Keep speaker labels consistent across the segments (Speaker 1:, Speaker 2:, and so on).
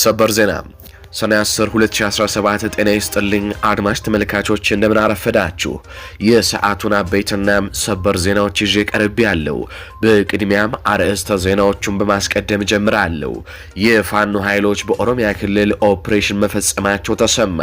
Speaker 1: Sabarzena. ሰኔ 10 2017። ጤና ይስጥልኝ አድማጭ ተመልካቾች እንደምን አረፈዳችሁ። የሰዓቱን አበይትና ሰበር ዜናዎች ይዤ ቀርቤ ያለው። በቅድሚያም አርዕስተ ዜናዎቹን በማስቀደም ጀምራለሁ። የፋኖ ኃይሎች በኦሮሚያ ክልል ኦፕሬሽን መፈጸማቸው ተሰማ።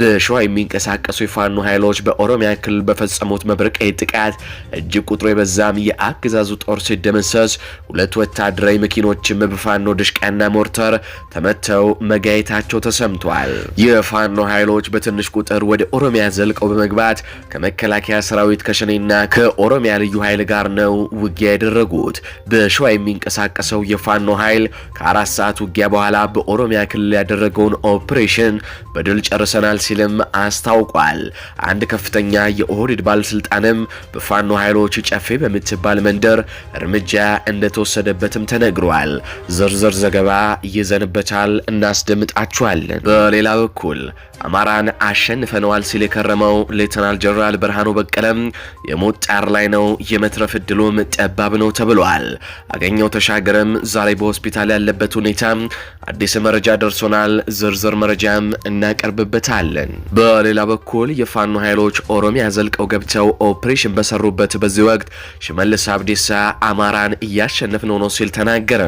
Speaker 1: በሸዋ የሚንቀሳቀሱ የፋኖ ኃይሎች በኦሮሚያ ክልል በፈጸሙት መብረቃዊ ጥቃት እጅግ ቁጥሩ የበዛም የአገዛዙ ጦር ሲደመሰስ፣ ሁለት ወታደራዊ መኪኖችም በፋኖ ድሽቃና ሞርተር ተመተው መጋየት መግባታቸው ተሰምቷል። የፋኖ ኃይሎች በትንሽ ቁጥር ወደ ኦሮሚያ ዘልቀው በመግባት ከመከላከያ ሰራዊት ከሸኔና ከኦሮሚያ ልዩ ኃይል ጋር ነው ውጊያ ያደረጉት። በሸዋ የሚንቀሳቀሰው የፋኖ ኃይል ከአራት ሰዓት ውጊያ በኋላ በኦሮሚያ ክልል ያደረገውን ኦፕሬሽን በድል ጨርሰናል ሲልም አስታውቋል። አንድ ከፍተኛ የኦህዴድ ባለስልጣንም በፋኖ ኃይሎች ጨፌ በምትባል መንደር እርምጃ እንደተወሰደበትም ተነግሯል። ዝርዝር ዘገባ ይዘንበታል፣ እናስደምጣቸው እንነግራችኋለን። በሌላ በኩል አማራን አሸንፈነዋል ሲል የከረመው ሌተናል ጀነራል ብርሃኑ በቀለም የሞት ጣር ላይ ነው፣ የመትረፍ እድሉም ጠባብ ነው ተብሏል። አገኘው ተሻገረም ዛሬ በሆስፒታል ያለበት ሁኔታ አዲስ መረጃ ደርሶናል። ዝርዝር መረጃም እናቀርብበታለን። በሌላ በኩል የፋኖ ኃይሎች ኦሮሚያ ዘልቀው ገብተው ኦፕሬሽን በሰሩበት በዚህ ወቅት ሽመልስ አብዲሳ አማራን እያሸነፍነው ነው ሲል ተናገረ።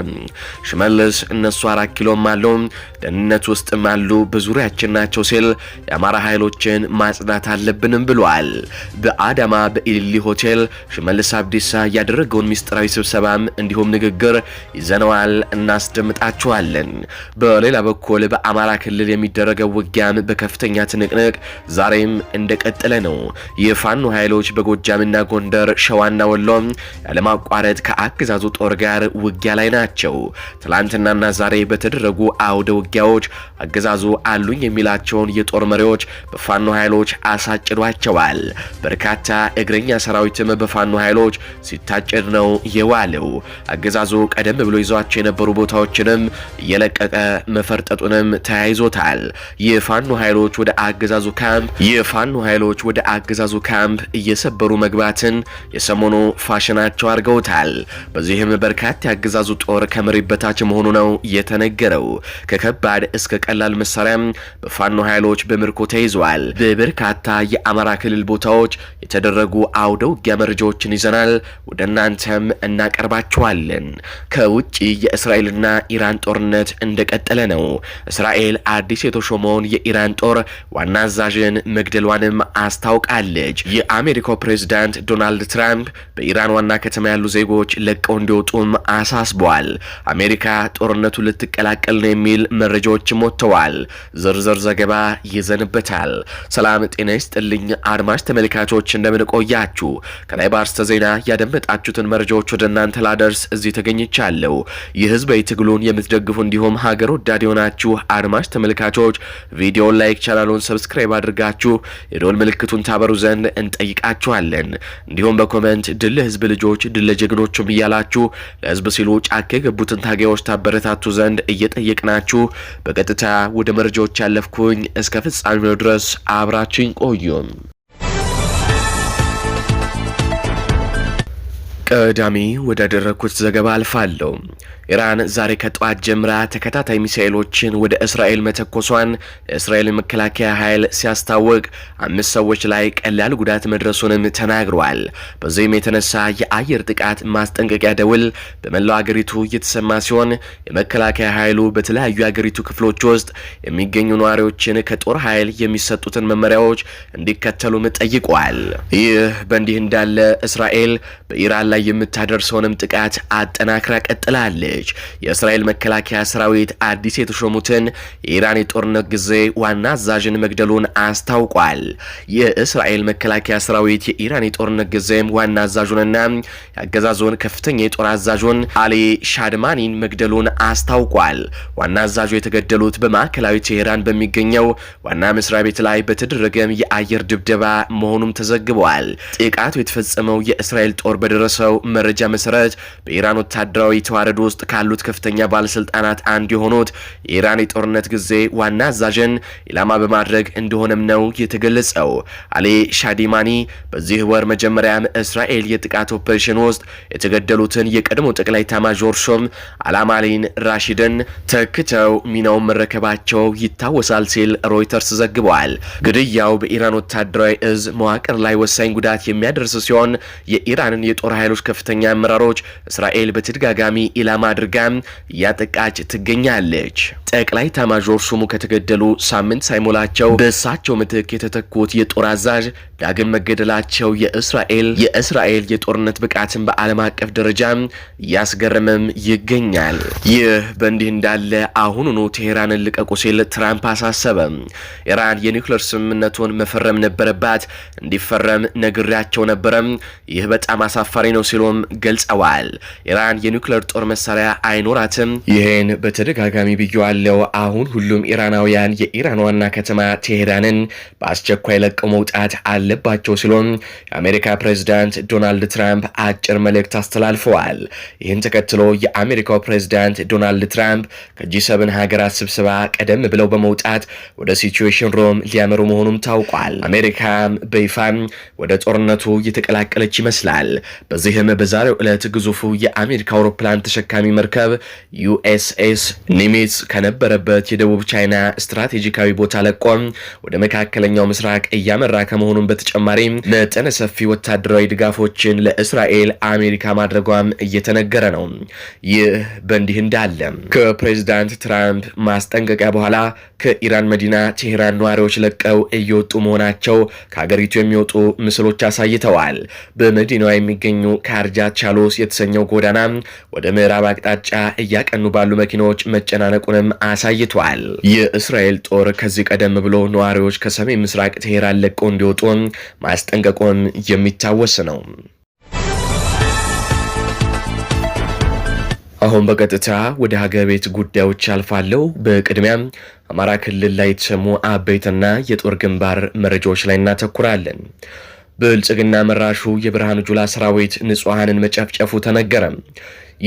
Speaker 1: ሽመልስ እነሱ አራት ኪሎም አለው ደህንነቱ ውስጥም አሉ በዙሪያችን ናቸው ሲል የአማራ ኃይሎችን ማጽናት አለብንም ብሏል። በአዳማ በኢሊሊ ሆቴል ሽመልስ አብዲሳ ያደረገውን ምስጢራዊ ስብሰባም እንዲሁም ንግግር ይዘነዋል፣ እናስደምጣችኋለን። በሌላ በኩል በአማራ ክልል የሚደረገው ውጊያም በከፍተኛ ትንቅንቅ ዛሬም እንደቀጠለ ነው። የፋኖ ኃይሎች በጎጃምና ጎንደር፣ ሸዋና ወሎም ያለማቋረጥ ከአገዛዙ ጦር ጋር ውጊያ ላይ ናቸው። ትላንትናና ዛሬ በተደረጉ አውደ ውጊያዎች አገዛዙ አሉኝ የሚላቸውን የጦር መሪዎች በፋኖ ኃይሎች አሳጭዷቸዋል። በርካታ እግረኛ ሰራዊትም በፋኖ ኃይሎች ሲታጨድ ነው የዋለው። አገዛዙ ቀደም ብሎ ይዟቸው የነበሩ ቦታዎችንም እየለቀቀ መፈርጠጡንም ተያይዞታል። የፋኖ ኃይሎች ወደ አገዛዙ ካምፕ የፋኖ ኃይሎች ወደ አገዛዙ ካምፕ እየሰበሩ መግባትን የሰሞኑ ፋሽናቸው አድርገውታል። በዚህም በርካታ የአገዛዙ ጦር ከመሬት በታች መሆኑ ነው የተነገረው። ከከባድ እስከ እስከ ቀላል መሳሪያ በፋኖ ኃይሎች በምርኮ ተይዘዋል። በበርካታ የአማራ ክልል ቦታዎች የተደረጉ አውደ ውጊያ መረጃዎችን ይዘናል፣ ወደ እናንተም እናቀርባቸዋለን። ከውጭ የእስራኤልና ኢራን ጦርነት እንደቀጠለ ነው። እስራኤል አዲስ የተሾመውን የኢራን ጦር ዋና አዛዥን መግደሏንም አስታውቃለች። የአሜሪካው ፕሬዚዳንት ዶናልድ ትራምፕ በኢራን ዋና ከተማ ያሉ ዜጎች ለቀው እንዲወጡም አሳስበዋል። አሜሪካ ጦርነቱ ልትቀላቀል ነው የሚል መረጃዎችም ወጥተዋል። ዝርዝር ዘገባ ይዘንበታል። ሰላም ጤና ይስጥልኝ አድማጭ ተመልካቾች፣ እንደምንቆያችሁ ከላይ በአርስተ ዜና ያደመጣችሁትን መረጃዎች ወደ እናንተ ላደርስ እዚህ ተገኝቻለሁ። የህዝባዊ ትግሉን የምትደግፉ እንዲሁም ሀገር ወዳድ የሆናችሁ አድማጭ ተመልካቾች ቪዲዮን ላይክ፣ ቻናሉን ሰብስክራይብ አድርጋችሁ የዶል ምልክቱን ታበሩ ዘንድ እንጠይቃችኋለን። እንዲሁም በኮመንት ድል ህዝብ ልጆች ድል ጀግኖቹም እያላችሁ ለህዝብ ሲሉ ጫካ የገቡትን ታጋዮች ታበረታቱ ዘንድ እየጠየቅናችሁ ናችሁ በቀጥታ ወደ መረጃዎች ያለፍኩኝ፣ እስከ ፍጻሜው ድረስ አብራችኝ ቆዩም። ቀዳሚ ወደደረኩት ዘገባ አልፋለሁ። ኢራን ዛሬ ከጠዋት ጀምራ ተከታታይ ሚሳኤሎችን ወደ እስራኤል መተኮሷን የእስራኤል መከላከያ ኃይል ሲያስታውቅ አምስት ሰዎች ላይ ቀላል ጉዳት መድረሱንም ተናግሯል። በዚህም የተነሳ የአየር ጥቃት ማስጠንቀቂያ ደውል በመላው አገሪቱ እየተሰማ ሲሆን የመከላከያ ኃይሉ በተለያዩ የአገሪቱ ክፍሎች ውስጥ የሚገኙ ነዋሪዎችን ከጦር ኃይል የሚሰጡትን መመሪያዎች እንዲከተሉም ጠይቋል። ይህ በእንዲህ እንዳለ እስራኤል በኢራን ላይ ላይ የምታደርሰውንም ጥቃት አጠናክራ ቀጥላለች። የእስራኤል መከላከያ ሰራዊት አዲስ የተሾሙትን የኢራን የጦርነት ጊዜ ዋና አዛዥን መግደሉን አስታውቋል። የእስራኤል መከላከያ ሰራዊት የኢራን የጦርነት ጊዜም ዋና አዛዡንና የአገዛዙን ከፍተኛ የጦር አዛዡን አሊ ሻድማኒን መግደሉን አስታውቋል። ዋና አዛዡ የተገደሉት በማዕከላዊ ቴሄራን በሚገኘው ዋና መስሪያ ቤት ላይ በተደረገም የአየር ድብደባ መሆኑም ተዘግበዋል። ጥቃቱ የተፈጸመው የእስራኤል ጦር በደረሰው በወጣው መረጃ መሰረት በኢራን ወታደራዊ ተዋረድ ውስጥ ካሉት ከፍተኛ ባለስልጣናት አንዱ የሆኑት የኢራን የጦርነት ጊዜ ዋና አዛዥን ኢላማ በማድረግ እንደሆነም ነው የተገለጸው። አሊ ሻዲማኒ በዚህ ወር መጀመሪያም እስራኤል የጥቃት ኦፕሬሽን ውስጥ የተገደሉትን የቀድሞ ጠቅላይ ኤታማዦር ሹም ራሽድን ራሺድን ተክተው ሚናውን መረከባቸው ይታወሳል ሲል ሮይተርስ ዘግቧል። ግድያው በኢራን ወታደራዊ እዝ መዋቅር ላይ ወሳኝ ጉዳት የሚያደርስ ሲሆን የኢራንን የጦር ኃይሎች የሀገሪቱ ከፍተኛ አመራሮች እስራኤል በተደጋጋሚ ኢላማ አድርጋ እያጠቃች ትገኛለች። ጠቅላይ ታማዦር ሹሙ ከተገደሉ ሳምንት ሳይሞላቸው በእሳቸው ምትክ የተተኩት የጦር አዛዥ ዳግም መገደላቸው የእስራኤል የእስራኤል የጦርነት ብቃትን በዓለም አቀፍ ደረጃ እያስገረመም ይገኛል። ይህ በእንዲህ እንዳለ አሁኑኑ ቴሄራንን ልቀቁ ሲል ትራምፕ አሳሰበ። ኢራን የኒውክሌር ስምምነቱን መፈረም ነበረባት፣ እንዲፈረም ነግሬያቸው ነበረም። ይህ በጣም አሳፋሪ ነው ሲሉም ገልጸዋል። ኢራን የኒውክሌር ጦር መሳሪያ አይኖራትም። ይህን በተደጋጋሚ ብየዋለው። አሁን ሁሉም ኢራናውያን የኢራን ዋና ከተማ ቴሄራንን በአስቸኳይ ለቀው መውጣት አለባቸው ሲሉም የአሜሪካ ፕሬዚዳንት ዶናልድ ትራምፕ አጭር መልእክት አስተላልፈዋል። ይህን ተከትሎ የአሜሪካው ፕሬዚዳንት ዶናልድ ትራምፕ ከጂ7 ሀገራት ስብሰባ ቀደም ብለው በመውጣት ወደ ሲቹዌሽን ሮም ሊያመሩ መሆኑም ታውቋል። አሜሪካ በይፋ ወደ ጦርነቱ እየተቀላቀለች ይመስላል። በዚህ ይህም በዛሬው ዕለት ግዙፉ የአሜሪካ አውሮፕላን ተሸካሚ መርከብ ዩኤስኤስ ኒሚትስ ከነበረበት የደቡብ ቻይና ስትራቴጂካዊ ቦታ ለቆ ወደ መካከለኛው ምስራቅ እያመራ ከመሆኑን በተጨማሪ መጠነ ሰፊ ወታደራዊ ድጋፎችን ለእስራኤል አሜሪካ ማድረጓም እየተነገረ ነው። ይህ በእንዲህ እንዳለ ከፕሬዚዳንት ትራምፕ ማስጠንቀቂያ በኋላ ከኢራን መዲና ቴሄራን ነዋሪዎች ለቀው እየወጡ መሆናቸው ከሀገሪቱ የሚወጡ ምስሎች አሳይተዋል። በመዲናዋ የሚገኙ ካርጃ ቻሎስ የተሰኘው ጎዳና ወደ ምዕራብ አቅጣጫ እያቀኑ ባሉ መኪናዎች መጨናነቁንም አሳይቷል። የእስራኤል ጦር ከዚህ ቀደም ብሎ ነዋሪዎች ከሰሜን ምስራቅ ትሄራን ለቀው እንዲወጡ ማስጠንቀቁም የሚታወስ ነው። አሁን በቀጥታ ወደ ሀገር ቤት ጉዳዮች አልፋለሁ። በቅድሚያም አማራ ክልል ላይ የተሰሙ አበይትና የጦር ግንባር መረጃዎች ላይ እናተኩራለን። ብልጽግና መራሹ የብርሃኑ ጁላ ሰራዊት ንጹሐንን መጨፍጨፉ ተነገረ።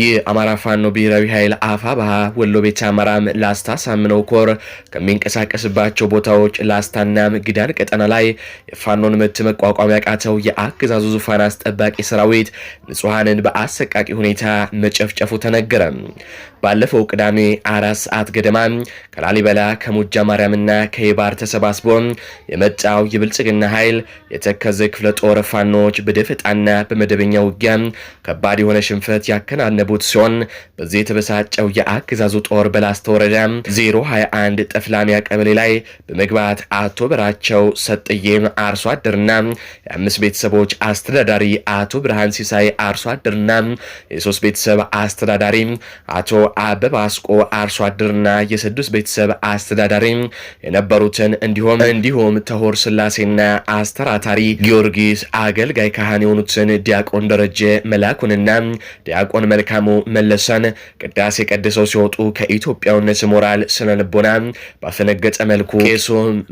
Speaker 1: የአማራ ፋኖ ብሔራዊ ኃይል አፋ ባሃ ወሎ ቤተ አማራም ላስታ ሳምነው ኮር ከሚንቀሳቀስባቸው ቦታዎች ላስታና ግዳን ቀጠና ላይ የፋኖን ምት መቋቋም ያቃተው የአገዛዙ ዙፋን አስጠባቂ ሰራዊት ንጹሐንን በአሰቃቂ ሁኔታ መጨፍጨፉ ተነገረ። ባለፈው ቅዳሜ አራት ሰዓት ገደማ ከላሊበላ ከሙጃ ማርያምና ከይባር ተሰባስቦ የመጣው የብልጽግና ኃይል የተከዘ ክፍለ ጦር ፋኖች በደፈጣና በመደበኛ ውጊያ ከባድ የሆነ ሽንፈት ያከናነ ያለቡት ሲሆን በዚህ የተበሳጨው የአገዛዙ ጦር በላስተ ወረዳ 021 ጠፍላሚያ ቀበሌ ላይ በመግባት አቶ በራቸው ሰጥዬም አርሶ አደርና የአምስት ቤተሰቦች አስተዳዳሪ አቶ ብርሃን ሲሳይ አርሶ አደርና የሶስት ቤተሰብ አስተዳዳሪ አቶ አበባስቆ አርሶ አደርና የስድስት ቤተሰብ አስተዳዳሪ የነበሩትን እንዲሁም እንዲሁም ተሆር ስላሴና አስተራታሪ ጊዮርጊስ አገልጋይ ካህን የሆኑትን ዲያቆን ደረጀ መላኩንና ዲያቆን መልካ መልካሙ መለሰን ቅዳሴ ቀድሰው ሲወጡ ከኢትዮጵያውነት ሞራል ስነልቦና ባፈነገጠ መልኩ ቄሱ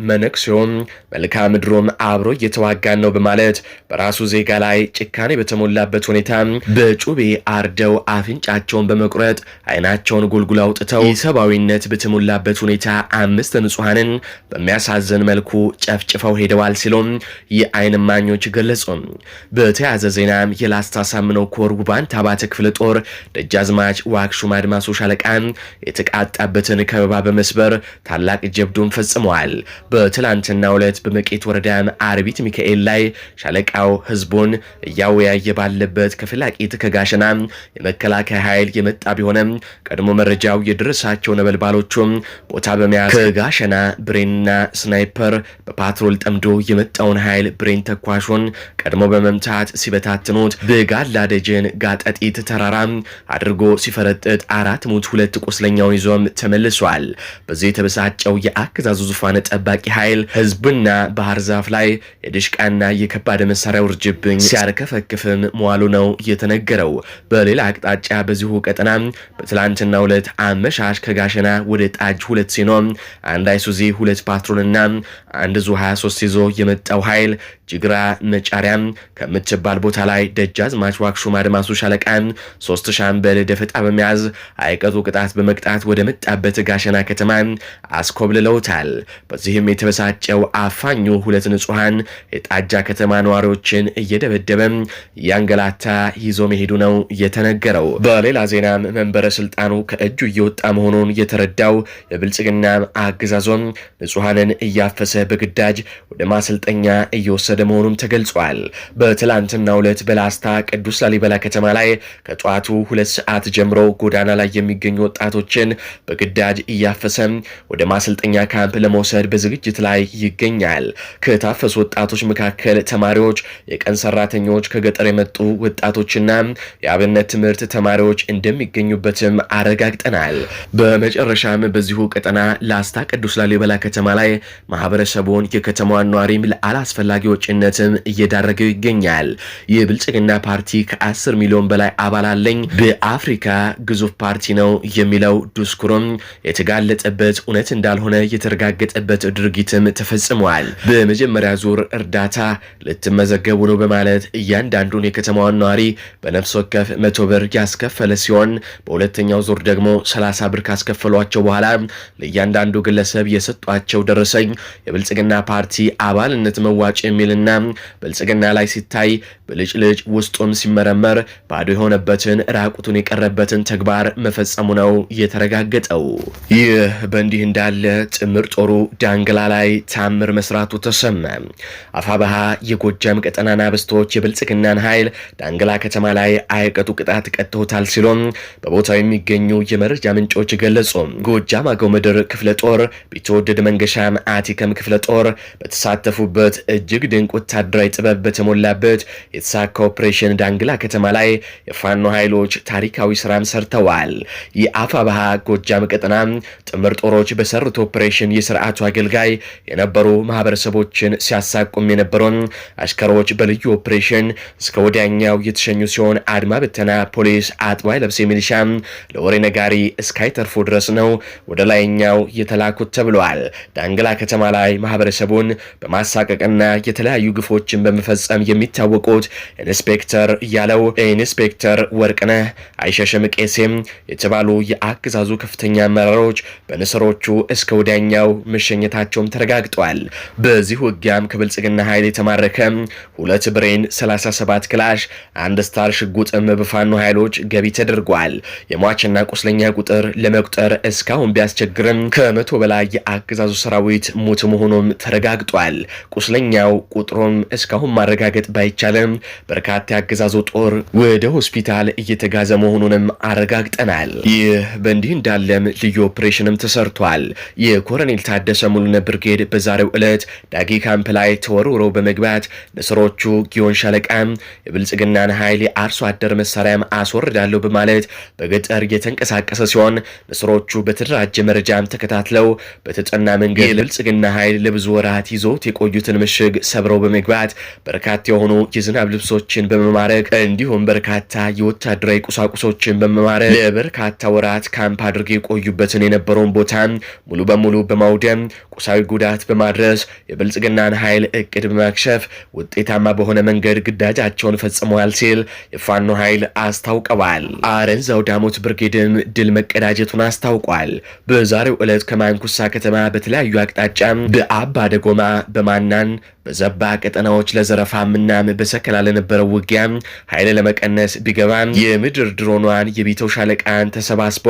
Speaker 1: መነኩሴውም መልካ ምድሩም አብሮ እየተዋጋን ነው በማለት በራሱ ዜጋ ላይ ጭካኔ በተሞላበት ሁኔታ በጩቤ አርደው አፍንጫቸውን በመቁረጥ አይናቸውን ጉልጉል አውጥተው ሰብአዊነት በተሞላበት ሁኔታ አምስት ንጹሐንን በሚያሳዝን መልኩ ጨፍጭፈው ሄደዋል ሲሉም የአይን እማኞች ገለጹ። በተያያዘ ዜናም የላስታ ሳምነው ኮር ጉባን አባተ ክፍለ ጦር ደጃዝማች ዋክሹም አድማሶ ሻለቃ የተቃጣበትን ከበባ በመስበር ታላቅ ጀብዱን ፈጽመዋል። በትላንትና ዕለት በመቄት ወረዳም አርቢት ሚካኤል ላይ ሻለቃው ህዝቡን እያወያየ ባለበት ከፍላቂት ከጋሸና የመከላከያ ኃይል የመጣ ቢሆንም ቀድሞ መረጃው የደረሳቸው ነበልባሎቹም ቦታ በመያዝ ከጋሸና ብሬንና ስናይፐር በፓትሮል ጠምዶ የመጣውን ኃይል ብሬን ተኳሹን ቀድሞ በመምታት ሲበታትኑት በጋላ ደጀን ጋጠጢት ተራራም አድርጎ ሲፈረጥጥ አራት ሙት ሁለት ቁስለኛውን ይዞም ተመልሷል። በዚህ የተበሳጨው የአገዛዙ ዙፋን ጠባቂ ኃይል ህዝብና ባህር ዛፍ ላይ የድሽቃና የከባድ መሳሪያ ውርጅብኝ ሲያርከፈክፍም መዋሉ ነው የተነገረው። በሌላ አቅጣጫ በዚሁ ቀጠና በትላንትና ሁለት አመሻሽ ከጋሸና ወደ ጣጅ ሁለት ሲኖ አንድ አይሱዚ ሁለት ፓትሮልና አንድ ዙ 23 ይዞ የመጣው ኃይል ጅግራ መጫሪያ ከምትባል ቦታ ላይ ደጃዝማች ዋክሹም አድማሱ ሻለቃ ሶስት ሻምበል ደፈጣ በመያዝ አይቀጡ ቅጣት በመቅጣት ወደ መጣበት ጋሸና ከተማ አስኮብልለውታል። በዚህም የተበሳጨው አፋኙ ሁለት ንጹሐን የጣጃ ከተማ ነዋሪዎችን እየደበደበ እያንገላታ ይዞ መሄዱ ነው የተነገረው። በሌላ ዜናም መንበረ ስልጣኑ ከእጁ እየወጣ መሆኑን የተረዳው የብልጽግና አገዛዞም ንጹሐንን እያፈሰ በግዳጅ ወደ ማሰልጠኛ እየወሰደ መሆኑም ተገልጿል። በትላንትና ዕለት በላስታ ቅዱስ ላሊበላ ከተማ ላይ ከጠዋቱ ሁለት ሰዓት ጀምሮ ጎዳና ላይ የሚገኙ ወጣቶችን በግዳጅ እያፈሰ ወደ ማሰልጠኛ ካምፕ ለመውሰድ በዝግጅት ላይ ይገኛል። ከታፈሱ ወጣቶች መካከል ተማሪዎች፣ የቀን ሰራተኞች፣ ከገጠር የመጡ ወጣቶችና የአብነት ትምህርት ተማሪዎች እንደሚገኙበትም አረጋግጠናል። በመጨረሻም በዚሁ ቀጠና ላስታ ቅዱስ ላሊበላ ከተማ ላይ ማህበረሰቡን የከተማዋን ነዋሪም ለአላስፈላጊ ወጪነትም እየዳረገው ይገኛል። የብልጽግና ፓርቲ ከ10 ሚሊዮን በላይ አባል አለኝ በአፍሪካ ግዙፍ ፓርቲ ነው የሚለው ዱስኩሮም የተጋለጠበት እውነት እንዳልሆነ የተረጋገጠበት ድርጊትም ተፈጽሟል። በመጀመሪያ ዙር እርዳታ ልትመዘገቡ ነው በማለት እያንዳንዱን የከተማዋን ነዋሪ በነፍስ ወከፍ መቶ ብር ያስከፈለ ሲሆን በሁለተኛው ዙር ደግሞ ሰላሳ ብር ካስከፈሏቸው በኋላ ለእያንዳንዱ ግለሰብ የሰጧቸው ደረሰኝ የብልጽግና ፓርቲ አባልነት መዋጮ የሚልና ብልጽግና ላይ ሲታይ ብልጭልጭ ውስጡም ሲመረመር ባዶ የሆነበትን ራቁቱን የቀረበትን ተግባር መፈጸሙ ነው የተረጋገጠው። ይህ በእንዲህ እንዳለ ጥምር ጦሩ ዳንግላ ላይ ታምር መስራቱ ተሰማ። አፋባሃ የጎጃም ቀጠና ናብስቶች የብልጽግናን ኃይል ዳንግላ ከተማ ላይ አይቀጡ ቅጣት ቀጥተውታል ሲሎም በቦታው የሚገኙ የመረጃ ምንጮች ገለጹ። ጎጃም አገው ምድር ክፍለ ጦር፣ ቢትወደድ መንገሻም አቲከም ክፍለ ጦር በተሳተፉበት እጅግ ድንቅ ወታደራዊ ጥበብ በተሞላበት የተሳካ ኦፕሬሽን ዳንግላ ከተማ ላይ የፋኖ ኃይሎ ኃይሎች ታሪካዊ ስራን ሰርተዋል። የአፋባሃ ጎጃም ቀጠና ጥምር ጦሮች በሰሩት ኦፕሬሽን የስርዓቱ አገልጋይ የነበሩ ማህበረሰቦችን ሲያሳቁም የነበሩ አሽከሮች በልዩ ኦፕሬሽን እስከ ወዲያኛው የተሸኙ ሲሆን አድማ ብተና ፖሊስ፣ አጥባይ ለብሴ ሚሊሻ ለወሬ ነጋሪ እስካይተርፎ ድረስ ነው ወደ ላይኛው የተላኩት ተብለዋል። ዳንግላ ከተማ ላይ ማህበረሰቡን በማሳቀቅና የተለያዩ ግፎችን በመፈጸም የሚታወቁት ኢንስፔክተር እያለው ኢንስፔክተር ወርቅነ ሆነ አይሸሽም ቄሴም የተባሉ የአገዛዙ ከፍተኛ አመራሮች በንስሮቹ እስከ ወዲያኛው መሸኘታቸውም ተረጋግጧል። በዚህ ውጊያም ከብልጽግና ኃይል የተማረከ ሁለት ብሬን 37 ክላሽ አንድ ስታር ሽጉጥም በፋኖ ኃይሎች ገቢ ተደርጓል። የሟችና ቁስለኛ ቁጥር ለመቁጠር እስካሁን ቢያስቸግርም ከመቶ በላይ የአገዛዙ ሰራዊት ሞት መሆኑም ተረጋግጧል። ቁስለኛው ቁጥሩም እስካሁን ማረጋገጥ ባይቻልም በርካታ የአገዛዙ ጦር ወደ ሆስፒታል እየተ የተጋዘ መሆኑንም አረጋግጠናል። ይህ በእንዲህ እንዳለም ልዩ ኦፕሬሽንም ተሰርቷል። የኮሎኔል ታደሰ ሙሉነ ብርጌድ በዛሬው ዕለት ዳጌ ካምፕ ላይ ተወርውረው በመግባት ንስሮቹ ጊዮን ሻለቃም የብልጽግናን ኃይል የአርሶ አደር መሳሪያም አስወርዳለሁ በማለት በገጠር የተንቀሳቀሰ ሲሆን ንስሮቹ በተደራጀ መረጃም ተከታትለው በተጠና መንገድ የብልጽግና ኃይል ለብዙ ወራት ይዞት የቆዩትን ምሽግ ሰብረው በመግባት በርካታ የሆኑ የዝናብ ልብሶችን በመማረክ እንዲሁም በርካታ የወታደሮ ወታደራዊ ቁሳቁሶችን በመማረክ ለበርካታ ወራት ካምፕ አድርገው የቆዩበትን የነበረውን ቦታ ሙሉ በሙሉ በማውደም ቁሳዊ ጉዳት በማድረስ የብልጽግናን ኃይል እቅድ በማክሸፍ ውጤታማ በሆነ መንገድ ግዳጃቸውን ፈጽመዋል ሲል የፋኖ ኃይል አስታውቀዋል። አረንዛው ዳሞት ብርጌድም ድል መቀዳጀቱን አስታውቋል። በዛሬው ዕለት ከማንኩሳ ከተማ በተለያዩ አቅጣጫ በአባ ደጎማ በማናን በዘባ ቀጠናዎች ለዘረፋ ምናም በሰከላ ለነበረው ውጊያ ኃይል ለመቀነስ ቢገባም የምድር ድሮኗን የቢተው ሻለቃን ተሰባስቦ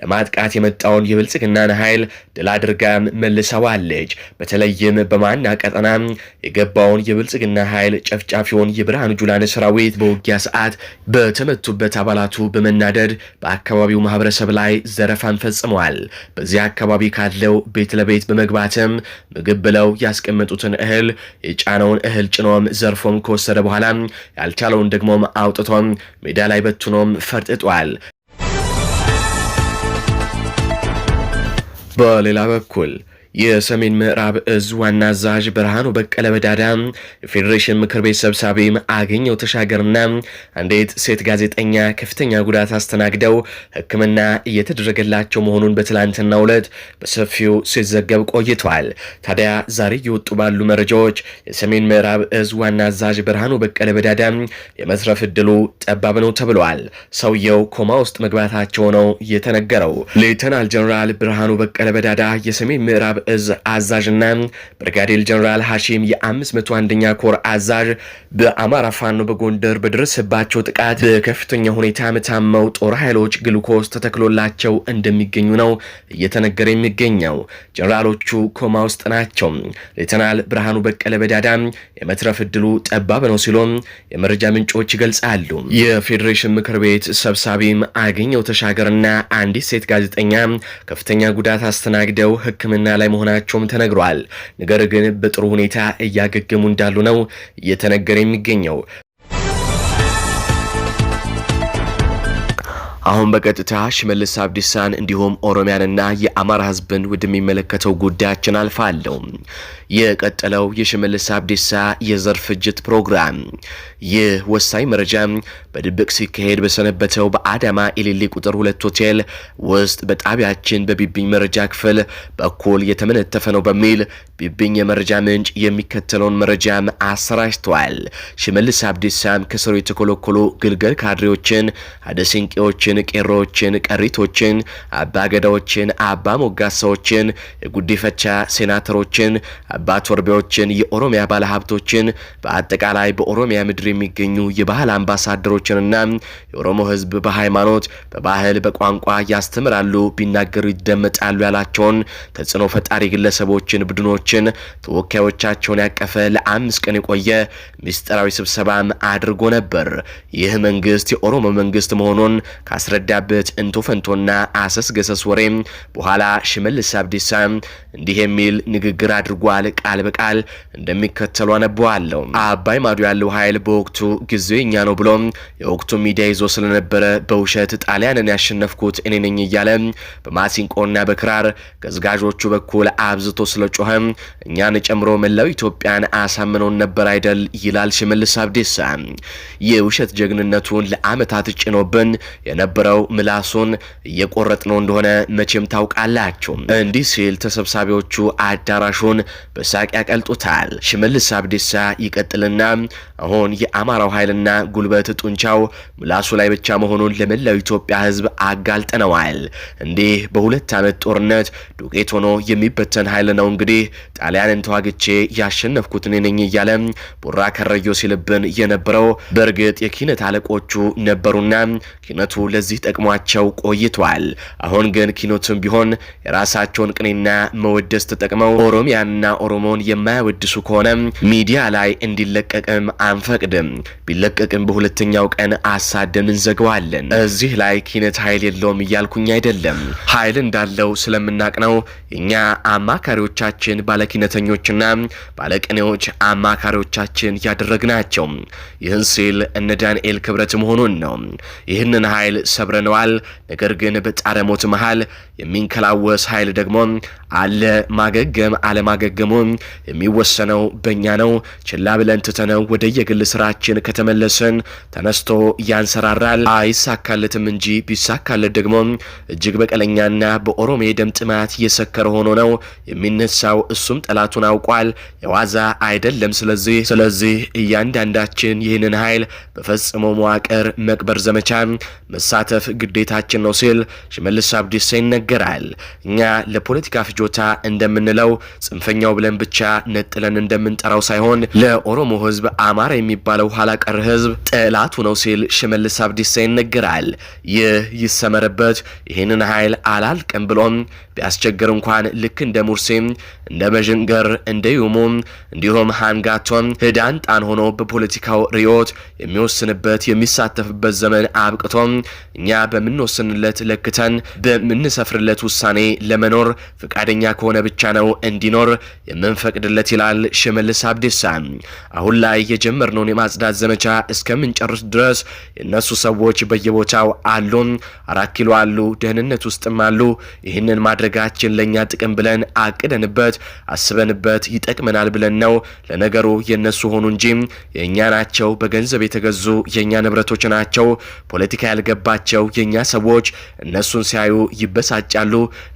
Speaker 1: ለማጥቃት የመጣውን የብልጽግናን ኃይል ድል አድርጋ መልሰዋለች። በተለይም በማና ቀጠና የገባውን የብልጽግና ኃይል ጨፍጫፊውን የብርሃኑ ጁላን ሰራዊት በውጊያ ሰዓት በተመቱበት አባላቱ በመናደድ በአካባቢው ማህበረሰብ ላይ ዘረፋን ፈጽመዋል። በዚህ አካባቢ ካለው ቤት ለቤት በመግባትም ምግብ ብለው ያስቀመጡትን እህል የጫነውን እህል ጭኖም ዘርፎም ከወሰደ በኋላ ያልቻለውን ደግሞም አውጥቶም ሜዳ ላይ በ كتنوم فرد اتوال بالي لعبك كل የሰሜን ምዕራብ እዝ ዋና አዛዥ ብርሃኑ በቀለ በዳዳ፣ የፌዴሬሽን ምክር ቤት ሰብሳቢ አገኘው ተሻገርና አንዲት ሴት ጋዜጠኛ ከፍተኛ ጉዳት አስተናግደው ሕክምና እየተደረገላቸው መሆኑን በትላንትናው ዕለት በሰፊው ሲዘገብ ቆይቷል። ታዲያ ዛሬ እየወጡ ባሉ መረጃዎች የሰሜን ምዕራብ እዝ ዋና አዛዥ ብርሃኑ በቀለ በዳዳ የመትረፍ እድሉ ጠባብ ነው ተብሏል። ሰውየው ኮማ ውስጥ መግባታቸው ነው የተነገረው። ሌተናል ጀኔራል ብርሃኑ በቀለ በዳዳ የሰሜን ምዕራብ እዝ አዛዥና ብርጋዴር ጀኔራል ሐሺም የ501ኛ ኮር አዛዥ በአማራ ፋኖ በጎንደር በደረሰባቸው ጥቃት በከፍተኛ ሁኔታ ምታመው ጦር ኃይሎች ግሉኮስ ተተክሎላቸው እንደሚገኙ ነው እየተነገረ የሚገኘው። ጀኔራሎቹ ኮማ ውስጥ ናቸው። ሌተናል ብርሃኑ በቀለ በዳዳ የመትረፍ እድሉ ጠባብ ነው ሲሎ የመረጃ ምንጮች ይገልጻሉ። የፌዴሬሽን ምክር ቤት ሰብሳቢም አገኘው ተሻገርና አንዲት ሴት ጋዜጠኛ ከፍተኛ ጉዳት አስተናግደው ሕክምና ላይ መሆናቸውም ተነግሯል። ነገር ግን በጥሩ ሁኔታ እያገገሙ እንዳሉ ነው እየተነገረ የሚገኘው። አሁን በቀጥታ ሽመልስ አብዲሳን እንዲሁም ኦሮሚያንና የአማራ ህዝብን ወደሚመለከተው ጉዳያችን አልፋለሁ። የቀጠለው የሽመልስ አብዲሳ የዘር ፍጅት ፕሮግራም ይህ ወሳኝ መረጃ በድብቅ ሲካሄድ በሰነበተው በአዳማ ኢሊሊ ቁጥር ሁለት ሆቴል ውስጥ በጣቢያችን በቢብኝ መረጃ ክፍል በኩል የተመነተፈ ነው በሚል ቢብኝ የመረጃ ምንጭ የሚከተለውን መረጃም አሰራጅተዋል። ሽመልስ አብዲሳም ከስሩ የተኮለኮሉ ግልገል ካድሬዎችን አደሲንቄዎችን ቄሶችን፣ ቄሮዎችን፣ ቀሪቶችን፣ አባገዳዎችን፣ አባ ሞጋሳዎችን፣ የጉዲፈቻ ሴናተሮችን፣ አባ ቶርቢያዎችን፣ የኦሮሚያ ባለሀብቶችን በአጠቃላይ በኦሮሚያ ምድር የሚገኙ የባህል አምባሳደሮችንና የኦሮሞ ህዝብ በሃይማኖት በባህል በቋንቋ ያስተምራሉ፣ ቢናገሩ ይደመጣሉ ያላቸውን ተጽዕኖ ፈጣሪ ግለሰቦችን፣ ቡድኖችን፣ ተወካዮቻቸውን ያቀፈ ለአምስት ቀን የቆየ ምስጢራዊ ስብሰባም አድርጎ ነበር። ይህ መንግስት የኦሮሞ መንግስት መሆኑን ያስረዳበት እንቶ ፈንቶና አሰስ ገሰስ ወሬም በኋላ ሽመልስ አብዲሳ እንዲህ የሚል ንግግር አድርጓል። ቃል በቃል እንደሚከተሉ አነበዋለሁ። አባይ ማዶ ያለው ኃይል በወቅቱ ጊዜው የኛ ነው ብሎ የወቅቱ ሚዲያ ይዞ ስለነበረ በውሸት ጣሊያንን ያሸነፍኩት እኔ ነኝ እያለ በማሲንቆና በክራር ገዝጋዦቹ በኩል አብዝቶ ስለጮኸ እኛን ጨምሮ መላው ኢትዮጵያን አሳምነውን ነበር አይደል? ይላል ሽመልስ አብዲሳ የውሸት ጀግንነቱን ለዓመታት ጭኖብን የነበ የነበረው ምላሱን እየቆረጥ ነው እንደሆነ መቼም ታውቃላችሁ። እንዲህ ሲል ተሰብሳቢዎቹ አዳራሹን በሳቅ ያቀልጡታል። ሽመልስ አብዲሳ ይቀጥልና አሁን የአማራው ኃይልና ጉልበት ጡንቻው ምላሱ ላይ ብቻ መሆኑን ለመላው ኢትዮጵያ ሕዝብ አጋልጠነዋል። እንዲህ በሁለት ዓመት ጦርነት ዱቄት ሆኖ የሚበተን ኃይል ነው እንግዲህ ጣሊያንን ተዋግቼ ያሸነፍኩት እኔ ነኝ እያለ ቡራ ከረዮ ሲልብን የነበረው በእርግጥ የኪነት አለቆቹ ነበሩና ኪነቱ ለ እንደዚህ ጠቅሟቸው ቆይቷል። አሁን ግን ኪኖትም ቢሆን የራሳቸውን ቅኔና መወደስ ተጠቅመው ኦሮሚያና ኦሮሞን የማያወድሱ ከሆነ ሚዲያ ላይ እንዲለቀቅም አንፈቅድም። ቢለቀቅም በሁለተኛው ቀን አሳደን እንዘግባለን። እዚህ ላይ ኪነት ኃይል የለውም እያልኩኝ አይደለም። ኃይል እንዳለው ስለምናቅ ነው። እኛ አማካሪዎቻችን ባለኪነተኞችና ባለቅኔዎች አማካሪዎቻችን ያደረግናቸው። ይህን ሲል እነ ዳንኤል ክብረት መሆኑን ነው። ይህንን ኃይል ሰብረነዋል። ነገር ግን በጣረሞት መሃል የሚንከላወስ ኃይል ደግሞ አለ። ማገገም አለማገገሙ የሚወሰነው በእኛ ነው። ችላ ብለን ትተነው ወደ የግል ስራችን ከተመለስን ተነስቶ ያንሰራራል። አይሳካለትም እንጂ ቢሳካለት ደግሞ እጅግ በቀለኛና በኦሮሜ ደም ጥማት እየሰከረ ሆኖ ነው የሚነሳው። እሱም ጠላቱን አውቋል። የዋዛ አይደለም። ስለዚህ ስለዚህ እያንዳንዳችን ይህንን ኃይል በፈጽሞ መዋቅር መቅበር ዘመቻ መሳ መሳተፍ ግዴታችን ነው ሲል ሽመልስ አብዲሳ ይነገራል። እኛ ለፖለቲካ ፍጆታ እንደምንለው ጽንፈኛው ብለን ብቻ ነጥለን እንደምንጠራው ሳይሆን ለኦሮሞ ህዝብ አማራ የሚባለው ኋላ ቀር ጥላቱ ጠላቱ ነው ሲል ሽመልስ አብዲሳ ይነገራል። ይህ ይሰመርበት። ይህንን ኃይል አላልቅም ብሎም ቢያስቸግር እንኳን ልክ እንደ ሙርሲም እንደ መዥንገር እንደ ዩሙ እንዲሁም ሃንጋቶም ህዳን ጣን ሆኖ በፖለቲካው ርዮት የሚወስንበት የሚሳተፍበት ዘመን አብቅቶም እኛ በምንወስንለት ለክተን በምንሰፍርለት ውሳኔ ለመኖር ፈቃደኛ ከሆነ ብቻ ነው እንዲኖር የምንፈቅድለት ይላል ሽመልስ አብዲሳ። አሁን ላይ የጀመርነውን የማጽዳት ዘመቻ እስከምንጨርስ ድረስ የእነሱ ሰዎች በየቦታው አሉን። አራት ኪሎ አሉ፣ ደህንነት ውስጥም አሉ። ይህንን ማድረጋችን ለእኛ ጥቅም ብለን አቅደንበት አስበንበት ይጠቅመናል ብለን ነው። ለነገሩ የእነሱ ሆኑ እንጂ የእኛ ናቸው። በገንዘብ የተገዙ የእኛ ንብረቶች ናቸው። ፖለቲካ ያልገባቸው ናቸው የእኛ ሰዎች እነሱን ሲያዩ ይበሳጫሉ።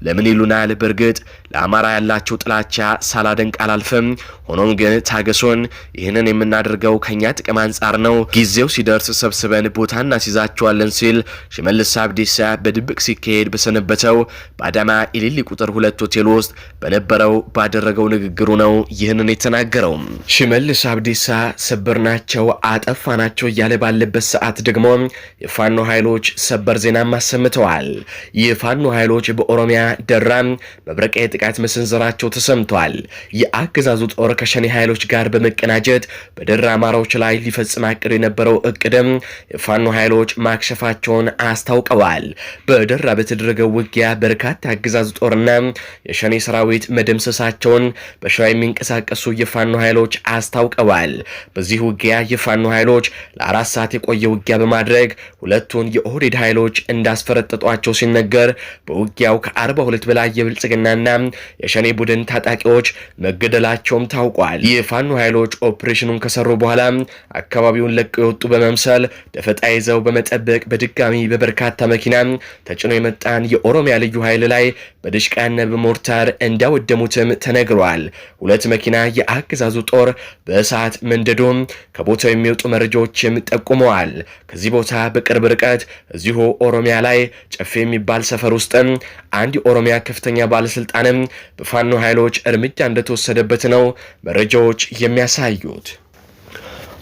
Speaker 1: ለምን ይሉናል። በእርግጥ ለአማራ ያላቸው ጥላቻ ሳላደንቅ አላልፍም። ሆኖም ግን ታገሶን ይህንን የምናደርገው ከእኛ ጥቅም አንጻር ነው። ጊዜው ሲደርስ ሰብስበን ቦታ እናስይዛቸዋለን ሲል ሽመልስ አብዲሳ በድብቅ ሲካሄድ በሰነበተው በአዳማ ኢሊሊ ቁጥር ሁለት ሆቴል ውስጥ በነበረው ባደረገው ንግግሩ ነው ይህንን የተናገረው። ሽመልስ አብዲሳ ስብር ናቸው፣ አጠፋ ናቸው እያለ ባለበት ሰዓት ደግሞ የፋኖ ኃይሎች ሰበር ዜናም አሰምተዋል። የፋኖ ኃይሎች በኦሮሚያ ደራም መብረቃ የጥቃት መሰንዘራቸው ተሰምቷል። የአገዛዙ ጦር ከሸኔ ኃይሎች ጋር በመቀናጀት በደራ አማራዎች ላይ ሊፈጽም አቅዶ የነበረው እቅድም የፋኖ ኃይሎች ማክሸፋቸውን አስታውቀዋል። በደራ በተደረገው ውጊያ በርካታ የአገዛዙ ጦርና የሸኔ ሰራዊት መደምሰሳቸውን በሸዋ የሚንቀሳቀሱ የፋኖ ኃይሎች አስታውቀዋል። በዚህ ውጊያ የፋኖ ኃይሎች ለአራት ሰዓት የቆየ ውጊያ በማድረግ ሁለቱን የኦህዴድ የኦህዴድ ኃይሎች እንዳስፈረጠጧቸው ሲነገር በውጊያው ከ42 በላይ የብልጽግናና የሸኔ ቡድን ታጣቂዎች መገደላቸውም ታውቋል። የፋኖ ኃይሎች ኦፕሬሽኑን ከሰሩ በኋላ አካባቢውን ለቀው የወጡ በመምሰል ደፈጣ ይዘው በመጠበቅ በድጋሚ በበርካታ መኪና ተጭኖ የመጣን የኦሮሚያ ልዩ ኃይል ላይ በድሽቃና በሞርታር እንዳወደሙትም ተነግሯል። ሁለት መኪና የአገዛዙ ጦር በእሳት መንደዶም ከቦታው የሚወጡ መረጃዎችም ጠቁመዋል። ከዚህ ቦታ በቅርብ ርቀት እዚሁ ኦሮሚያ ላይ ጨፌ የሚባል ሰፈር ውስጥም አንድ የኦሮሚያ ከፍተኛ ባለስልጣንም በፋኖ ኃይሎች እርምጃ እንደተወሰደበት ነው መረጃዎች የሚያሳዩት።